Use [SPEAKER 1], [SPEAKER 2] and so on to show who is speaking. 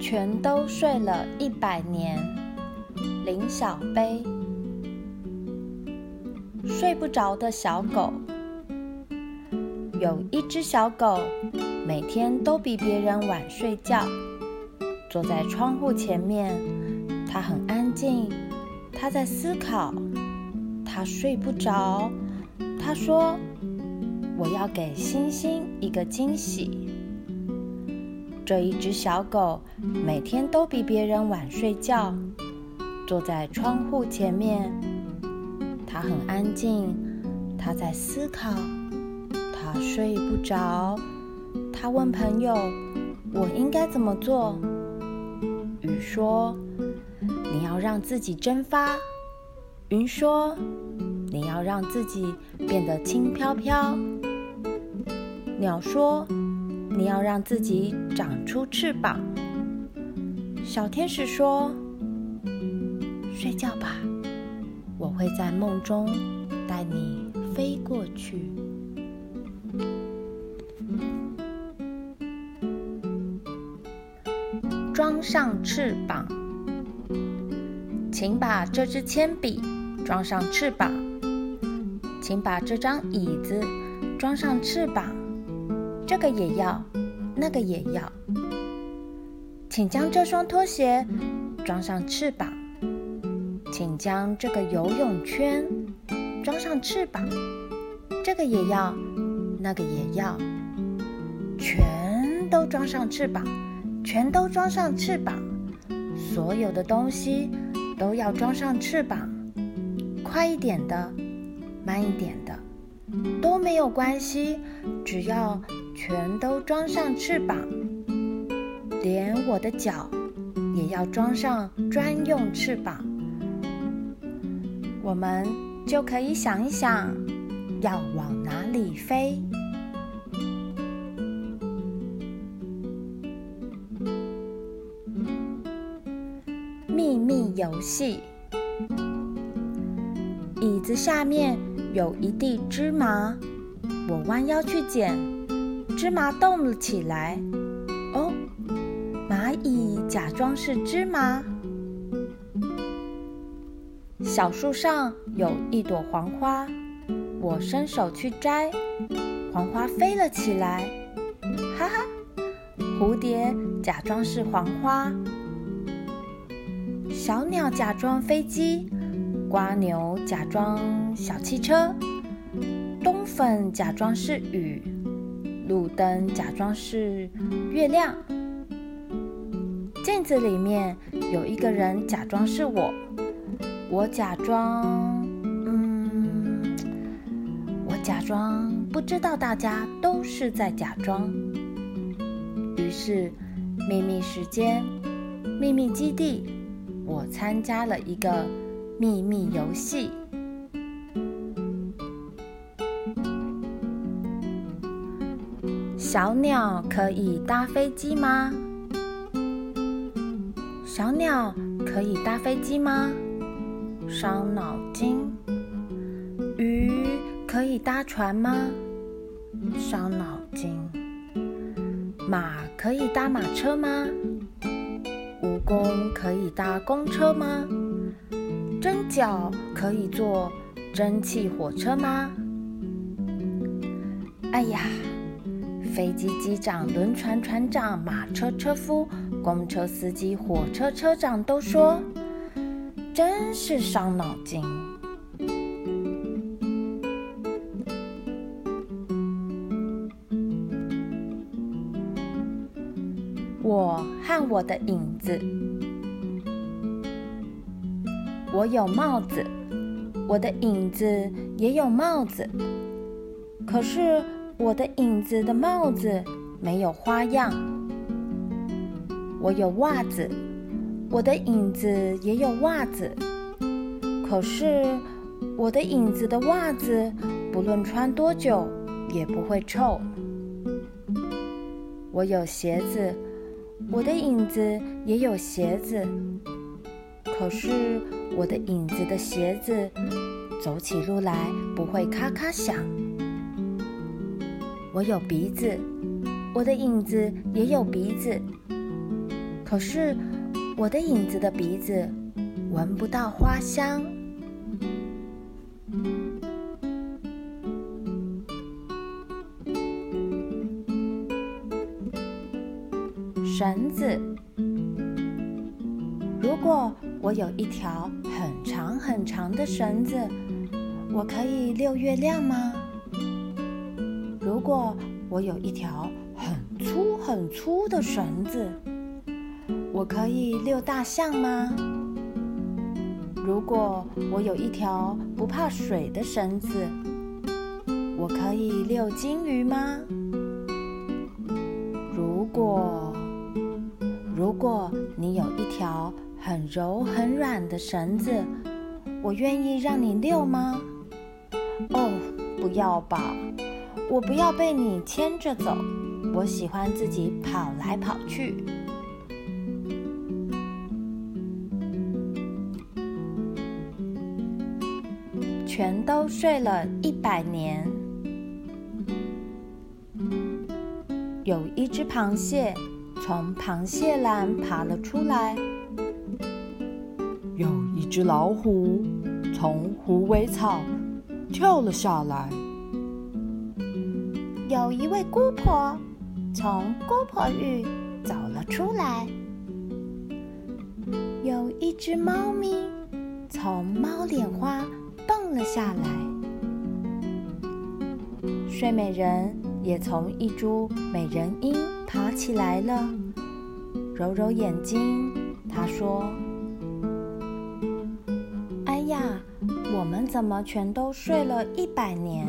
[SPEAKER 1] 全都睡了一百年，林小杯睡不着。的小狗。有一隻小狗，每天都比別人晚睡覺，坐在窗戶前面，它很安靜。他在思考，他睡不着。他說：“我要給星星一個驚喜。”這一只小狗每天都比別人晚睡覺，坐在窗戶前面。它很安靜，它在思考，它睡不着。它問朋友：“我應該怎麼做？”雨說。你要讓自己蒸發，雲說；你要讓自己變得輕飄飄，鳥說；你要讓自己長出翅膀，小天使說。睡覺吧，我會在夢中帶你飛過去，裝上翅膀。請把這支鉛筆裝上翅膀。請把這張椅子裝上翅膀。這個也要，那個也要。請將這雙拖鞋裝上翅膀。請將這個游泳圈裝上翅膀。這個也要，那個也要。全都裝上翅膀，全都裝上翅膀。所有的東西，都要裝上翅膀，快一點的，慢一點的都沒有關係，只要全都裝上翅膀，連我的腳也要裝上專用翅膀，我們就可以想一想，要往哪裡飛。遊戲，椅子下面有一地芝麻，我彎腰去撿，芝麻動了起來。哦，螞蟻假裝是芝麻。小樹上有一朵黃花，我伸手去摘，黃花飛了起來。哈哈，蝴蝶假裝是黃花。小鳥假裝飛機，蝸牛假裝小汽車，冬粉假裝是雨，路燈假裝是月亮。鏡子裡面有一個人假裝是我，我假裝，嗯，我假裝不知道大家都是在假裝。於是，秘密時間，秘密基地。我參加了一個秘密遊戲。小鳥可以搭飛機嗎？小鳥可以搭飛機嗎？傷腦筋。魚可以搭船嗎？傷腦筋。馬可以搭馬車嗎？蜈蚣可以搭公車嗎？蒸餃可以坐蒸汽火車嗎？哎呀，飛機機長、輪船船長、馬車車夫、公車司機、火車車長都說，真是傷腦筋。我和我的影子，我有帽子，我的影子也有帽子，可是我的影子的帽子沒有花樣。我有襪子，我的影子也有襪子，可是我的影子的襪子不論穿多久也不會臭。我有鞋子。我的影子也有鞋子，可是我的影子的鞋子走起路來不會咔咔響。我有鼻子，我的影子也有鼻子，可是我的影子的鼻子聞不到花香。繩子，如果我有一條很長很長的繩子，我可以遛月亮嗎？如果我有一條很粗很粗的繩子，我可以遛大象嗎？如果我有一條不怕水的繩子，我可以遛金魚嗎？如果。如果你有一條很柔很軟的繩子，我願意讓你遛嗎？哦，不要吧，我不要被你牽着走，我喜歡自己跑來跑去。全都睡了一百年。有一隻螃蟹。從螃蟹蘭爬了出來，有一隻老虎從虎尾草跳了下來，有一位姑婆從姑婆芋走了出來，有一隻貓咪從貓臉花蹦了下來，睡美人也從一株美人櫻爬起來了，揉揉眼睛，他說：“哎呀，我們怎麼全都睡了一百年？”